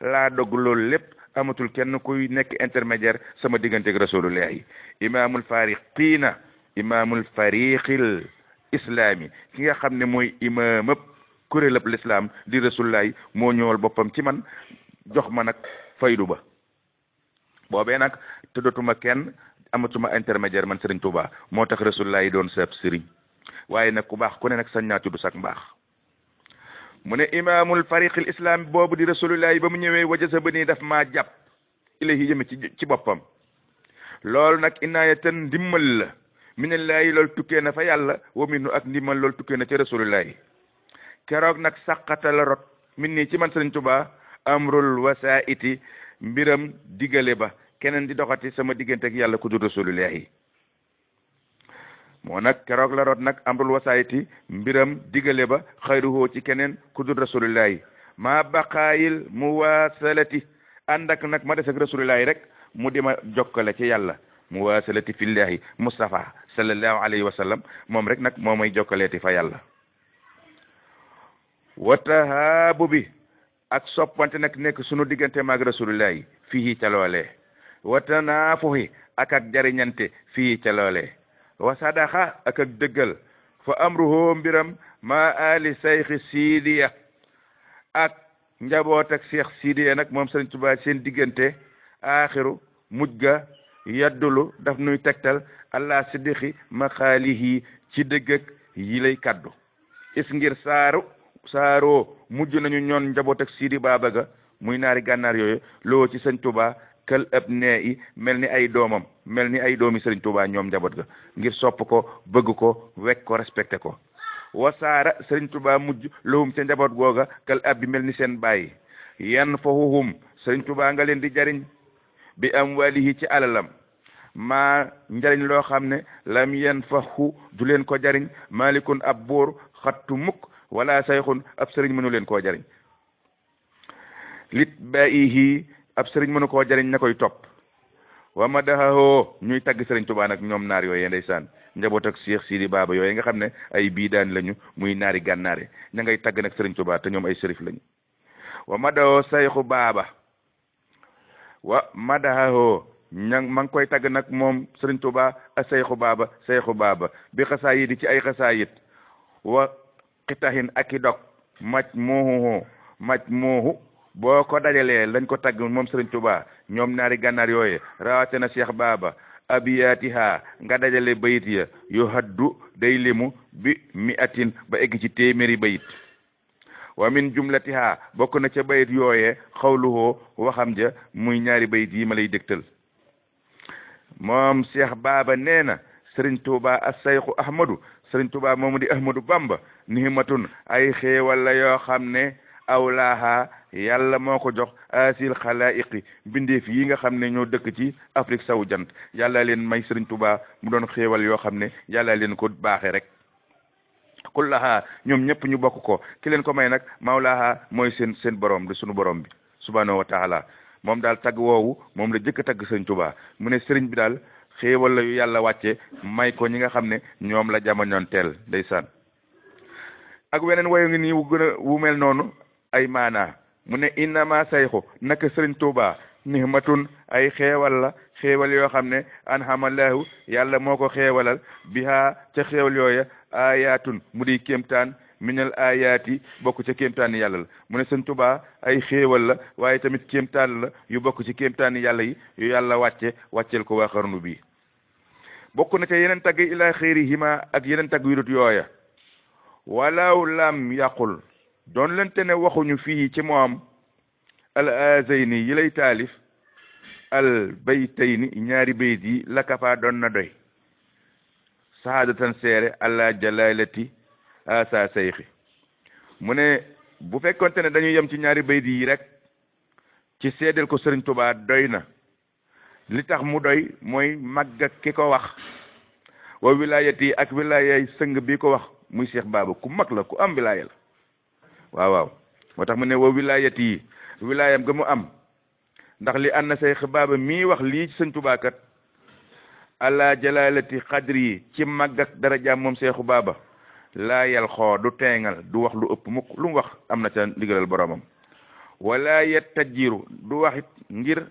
laa dog loolu lépp amatul kenn kuy nekk intermédiaire sama digganteeg rasulullahi imaamul fariqiina imaamul fariqil islaami ki nga xam ne mooy imaam ëpp kuréelab lislaam di rasulullahi moo ñëwal boppam ci man jox ma nag faydu ba boobee nag tëddatuma kenn amatuma intermédiaire man Serigne Touba moo tax rasulullahi doon sab Serigne waaye nak ku baax ku ne nag sañ naa sax mbaax mu ne imaamul fariqil islaam boobu di rasulullahi ba mu ñëwee wajasa ba nii daf maa jàpp ilahi jëme ci ci boppam loolu nag inaayatan ndimmal la minallahi loolu tukkee na fa yàlla wa ak ndimmal lool tukkee na ci rasulullahi keroog nag saqata la rot min nii ci man sëriñ Tuubaa amrul wasaa'iti mbiram digale ba keneen di doxati sama diggante ak yàlla ku du rasulullahi moo nag keroog la root nag amrul wasaayiti mbiram digale ba xayruhu ci keneen ku dul rasulillahi ma baqaayil muwaasalati ànd ak nag ma des ak rek mu di ma jokkale ci yàlla muwaasalati fillahi mustafa sallallahu alayhi wa sallam moom rek nag moo may jokkaleeti fa yàlla wa tahaabu bi ak soppante nag nekk sunu diggante mag rasulillahi fii ca loolee wa tanaafuhi ak jariñante fii ca wa sadaxa ak ak dëggal fa amruhu mbiram ma ali sayxi siidiya ak njaboot ak seex siidiya nag moom sëriñ Tuubaa seen diggante aaxiru muj ga yaddulu daf nuy tegtal allah siddiqi maqaalihi ci dëgg ak yi lay kaddu is ngir saaru saaroo mujj nañu ñoon njaboot ak siidi baaba ga muy naari gànnaar yooyu loo ci sëñ Tuubaa kal ab nee i mel ni ay doomam mel ni ay doomi Sëriñ Tuubaa ñoom njaboot ga ngir sopp ko bëgg ko wekk ko respecté ko wasaara Sëriñ Tuubaa mujj lahum ca njaboot googa kal ab bi mel ni seen bàyyi yan fa huhum Sëriñ Tuubaa nga leen di jariñ bi am walihi ci alalam ma njariñ loo xam ne lam yan fa hu du leen ko jariñ maalikun ab buur xattu mukk wala sayxun ab sëriñ mënu leen koo jariñ lit bàyyi ab sëriñ mënu koo jariñ na koy topp wa ma daxawoo ñuy tagg sëriñ tubaa nag ñoom naar yooyee ndeysaan njaboot ak Cheikh Sidi Baba yooyee nga xam ne ay bii daan lañu muy naari gànnaare ña ngay tagg nak sëriñ Tuubaa te ñoom ay sërif lañu wa ma daxoo sayxu baaba wa ma daxawoo ña ma ngi koy tagg nag moom sëriñ Tuubaa a sayxu baaba sayxu baaba bi xasaayit yi ci ay xasaayit wa xitahin aki dog maj moohu maj moohu boo ko dajalee lañ ko tagg moom Serigne Touba ñoom ñaari gànnaar yooye rawate na Cheikh baaba abiyatiha nga dajale bayit ya yu haddu day limu bi mi atin ba egg ci téeméeri bayit wa min jumlatiha bokk na ca bayit yooye xawluhoo waxam ja muy ñaari bayit yi ma lay dégtal moom Cheikh Baba nee na Serigne Touba assayxu Ahmadu Serigne Touba moomu di Ahmadu Bamba nihimatun ay xéewal yoo xam ne awlaaha yàlla moo ko jox asil xalaiqi bindeef yi nga xam ne ñoo dëkk ci Afrique saw jant yàlla leen may Sëriñ Tuubaa mu doon xéewal yoo xam ne yàlla leen ko baaxe rek kullaha ñoom ñëpp ñu bokk ko ki leen ko may nag mawlaha mooy seen seen borom di sunu borom bi subhanahu wa taala moom daal tagg woowu moom la jëkk a tagg Sëriñ Tuubaa mu ne sëriñ bi daal xéewal la yàlla wàcce may ko ñi nga xam ne ñoom la jamonoon teel ndeysaan ak weneen wayu ngi nii wu mel noonu ay maanaa mu ne innama sayxu naka sëriñ tuuba nihmatun ay xeewal la xeewal yoo xam ne anhamallahu yàlla moo ko xeewalal biha ca xeewal yooya ayatun mu di kéemtaan minal ayaati bokk ca kéemtaani yàlla mu ne seen tuuba ay xewal la waaye tamit kéemtaan la yu bokk ci kéemtaani yàlla yi yàlla wàcce wàccel ko waa bi bokk na ca yeneen tagg ila xeyrihima ak yeneen tagg yu dut yooya walaw lam yaqul doon lente ne waxuñu fii ci moom al azayni yi lay taalif al baytayni ñaari bayt yi lakafa doon na doy saadatan seere allah jalalati asa sayxi mu ne bu fekkonte ne dañuy yem ci ñaari bayt yi rek ci seedel ko sëriñ Tuubaa doy na li tax mu doy mooy màgg ki ko wax wa wilaayati ak wilaayay sëng bii ko wax muy Cheikh Baba ku mag la ku am wilaaya waaw waaw moo tax mu ne wa wilayat yi wilaayam ga mu am ndax li ànd na say xibaaba mii wax lii ci sëñ tubaakat ala jalalati xadri yi ci màgg dara darajaam moom seexu baaba laa yal xoo du teengal du wax lu ëpp mukk lu mu wax am na ca ndigalal boromam wala yet tajjiru du waxit ngir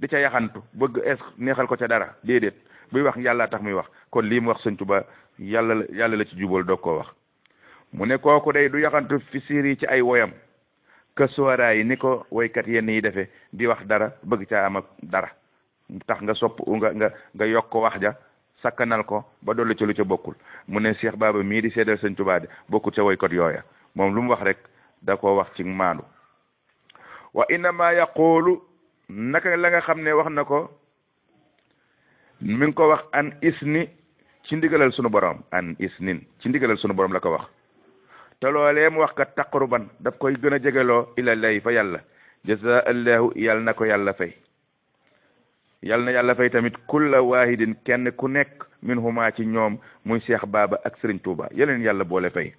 di ca yaxantu bëgg es neexal ko ca dara déedéet buy wax yàlla tax muy wax kon lii mu wax sëñ tubaa yàlla la yàlla la ci jubal doog koo wax mu ne kooku day du yaxantu fisiir yi ci ay woyam ka yi ni ko woykat yenn yi defee di wax dara bëgg caa am ak dara tax nga sopp nga nga nga yokk ko wax ja sakkanal ko ba dolli ca lu ca bokkul mu ne Cheikh Baba mii di seddal sëñ Tuubaa bokkul ca woykat yooya moom lu mu wax rek da koo wax ci maandu wa innama yaqulu naka la nga xam ne wax na ko mu ngi ko wax an isni ci ndigalal sunu borom an isnin ci ndigalal sunu borom la ko wax te loolee mu wax kat taqruban daf koy gën a jegeloo ilallahi fa yàlla jazaa allahu yàll na ko yàlla fay yàll na yàlla fay tamit kulla waahidin kenn ku nekk min huma ci ñoom muy Cheikh Baba ak Serigne Touba yeleen yàlla boole fay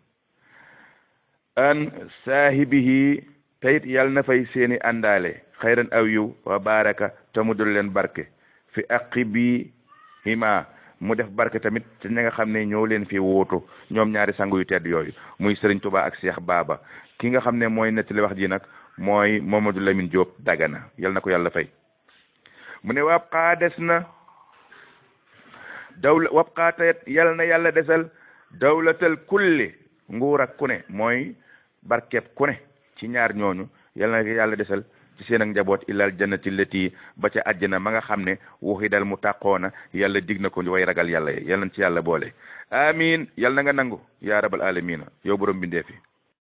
an saahibihi tayit yàll na fay seeni àndaale xayran aw yiw wa baraka te mu leen barke fi aqibi mu def barke tamit ci ñi nga xam ne ñoo leen fi wóotu ñoom ñaari sangu yu tedd yooyu muy Serigne Touba ak Cheikh Baba ki nga xam ne mooy le wax ji nag mooy Mamadou Lamine Diop Dagana yal na ko yàlla fay mu ne wab xaa des na dawla wab xaa tayet yal na yàlla desal dawlatal kulli nguur ak ku ne mooy barkeeb ku ne ci ñaar ñooñu yal na yàlla desal ci seen ak njaboot ilal jannati lati ba ca àjjana ma nga xam ne waxi dal mu tàqoona yàlla dig na ko way ragal yàlla ye yal ci yàlla boole amin yal na nga nangu yaa rabal alamina yow borom bindee fi